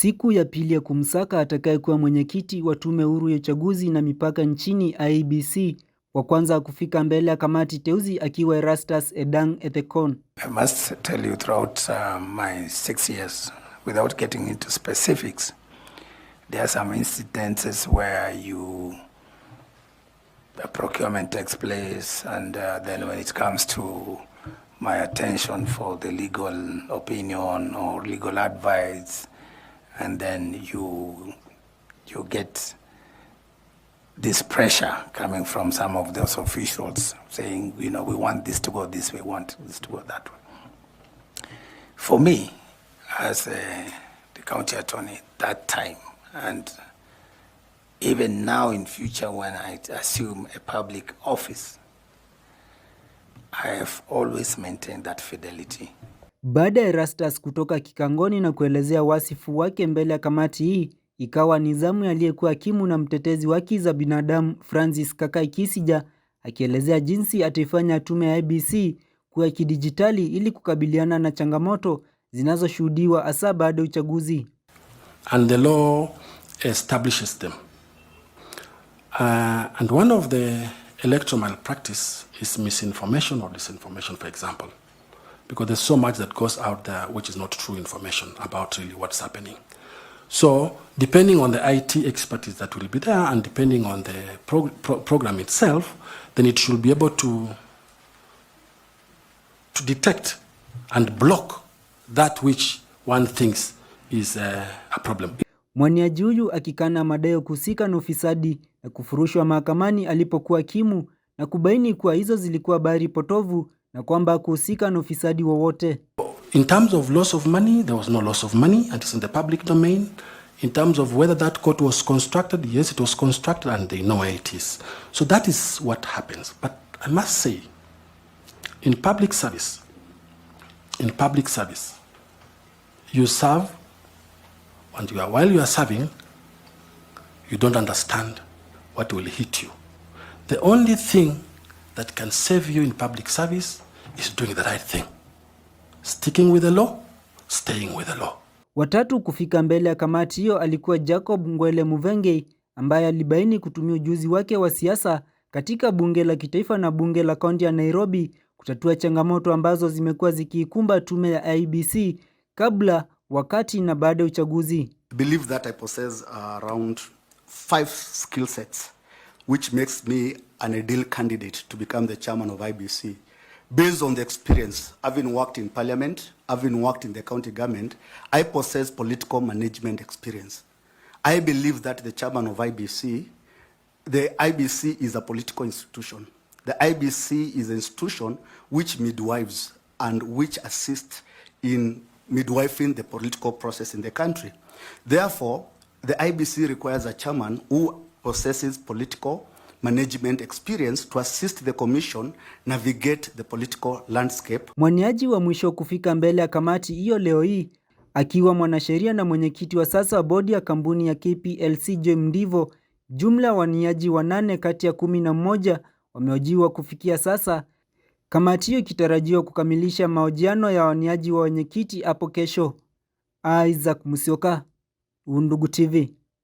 siku ya pili ya kumsaka atakayekuwa mwenyekiti wa tume huru ya uchaguzi na mipaka nchini IEBC. Wa kwanza kufika mbele ya kamati teuzi akiwa Erastus Edang Ethekon. I must tell you throughout uh, my six years without getting into specifics there are some incidences where you a procurement takes place and uh, then when it comes to my attention for the legal opinion or legal advice and then you you get this pressure coming from some of those officials saying, you know, we want this to go this way, we want this to go that way. For me, as a, uh, the county attorney that time, and even now in future when I assume a public office, I have always maintained that fidelity Baada ya Erastus kutoka kikangoni na kuelezea wasifu wake mbele ya kamati hii, ikawa ni zamu aliyekuwa hakimu na mtetezi wa haki za binadamu Francis Kakai Kisija akielezea jinsi ataifanya tume ya IEBC kuwa kidijitali ili kukabiliana na changamoto zinazoshuhudiwa hasa baada ya uchaguzi. And the law establishes them. Uh, and one of the electoral malpractice is misinformation or disinformation for example because there's so much that goes out there which is not true information about really what's happening. So depending on the IT expertise that will be there and depending on the prog pro program itself, then it should be able to, to detect and block that which one thinks is a, uh, a problem. Mwaniaji huyu akikana madai ya kuhusika na ufisadi na kufurushwa mahakamani alipokuwa kimu na kubaini kuwa hizo zilikuwa habari potovu na kwamba hakuhusika na ufisadi wowote. In terms of loss of money, there was no loss of money and it's in the public domain. In terms of whether that court was constructed, yes, it was constructed and they know where it is. So that is what happens. But I must say, in public service, in public service, you serve and you are, while you are serving, you don't understand what will hit you. The only thing that can save you in public service is doing the right thing. Sticking with the law, staying with the law. Watatu kufika mbele ya kamati hiyo alikuwa Jacob Ngwele Muvenge ambaye alibaini kutumia ujuzi wake wa siasa katika bunge la kitaifa na bunge la kaunti ya Nairobi kutatua changamoto ambazo zimekuwa zikiikumba tume ya IEBC kabla, wakati na baada ya uchaguzi. I believe that I possess around five skill sets which makes me an ideal candidate to become the chairman of IEBC. based on the experience, having worked in parliament, having worked in the county government, I possess political management experience. I believe that the chairman of IBC, the IBC is a political institution. The IBC is an institution which midwives and which assists in midwifing the political process in the country. Therefore, the IBC requires a chairman who possesses political management experience to assist the commission navigate the political landscape. Mwaniaji wa mwisho kufika mbele ya kamati hiyo leo hii akiwa mwanasheria na mwenyekiti wa sasa wa bodi ya kampuni ya KPLC Joy Mdivo. Jumla waniaji wanane kati ya kumi na mmoja wamehojiwa kufikia sasa, kamati hiyo ikitarajiwa kukamilisha mahojiano ya waniaji wa wenyekiti hapo kesho. Isaac Musioka, Undugu TV.